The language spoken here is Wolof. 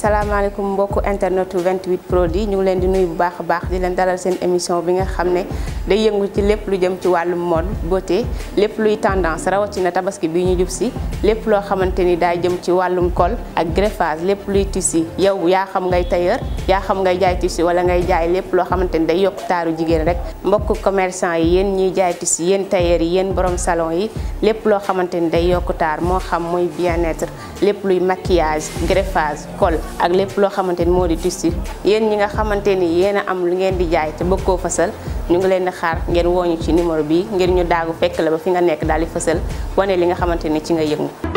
salaamaaleykum mbokku internet 28 produits ñu ngi leen di nuy bu baax a baax di leen dalal seen émission bi nga xam ne day yëngu ci lépp lu jëm ci wàllum mode beauté lépp luy tendance rawatina tabaski bi ñu jub si lépp loo xamante ni daay jëm ci wàllum kol ak greffage lépp luy tissu yow yaa xam ngay tailleur yaa xam ngay jaay tissu wala ngay jaay lépp loo xamante ni day yokk taaru jigéen rek mbokk commerçant yi yéen ñuy jaay tissu yéen tailleur yi yéen borom salon yi lépp loo xamante ni day yokk moo xam muy bien-être lépp luy maquillage greffage col ak lépp loo xamante ni moo di tissu yéen ñi nga xamante ni yéen a am lu ngeen di jaay te bëgg koo fësal ñu ngi leen di xaar ngeen wooñu ci numéro bi ngir ñu daagu fekk la ba fi nga nekk daal di fësal wane li nga xamante ni ci nga yëngu.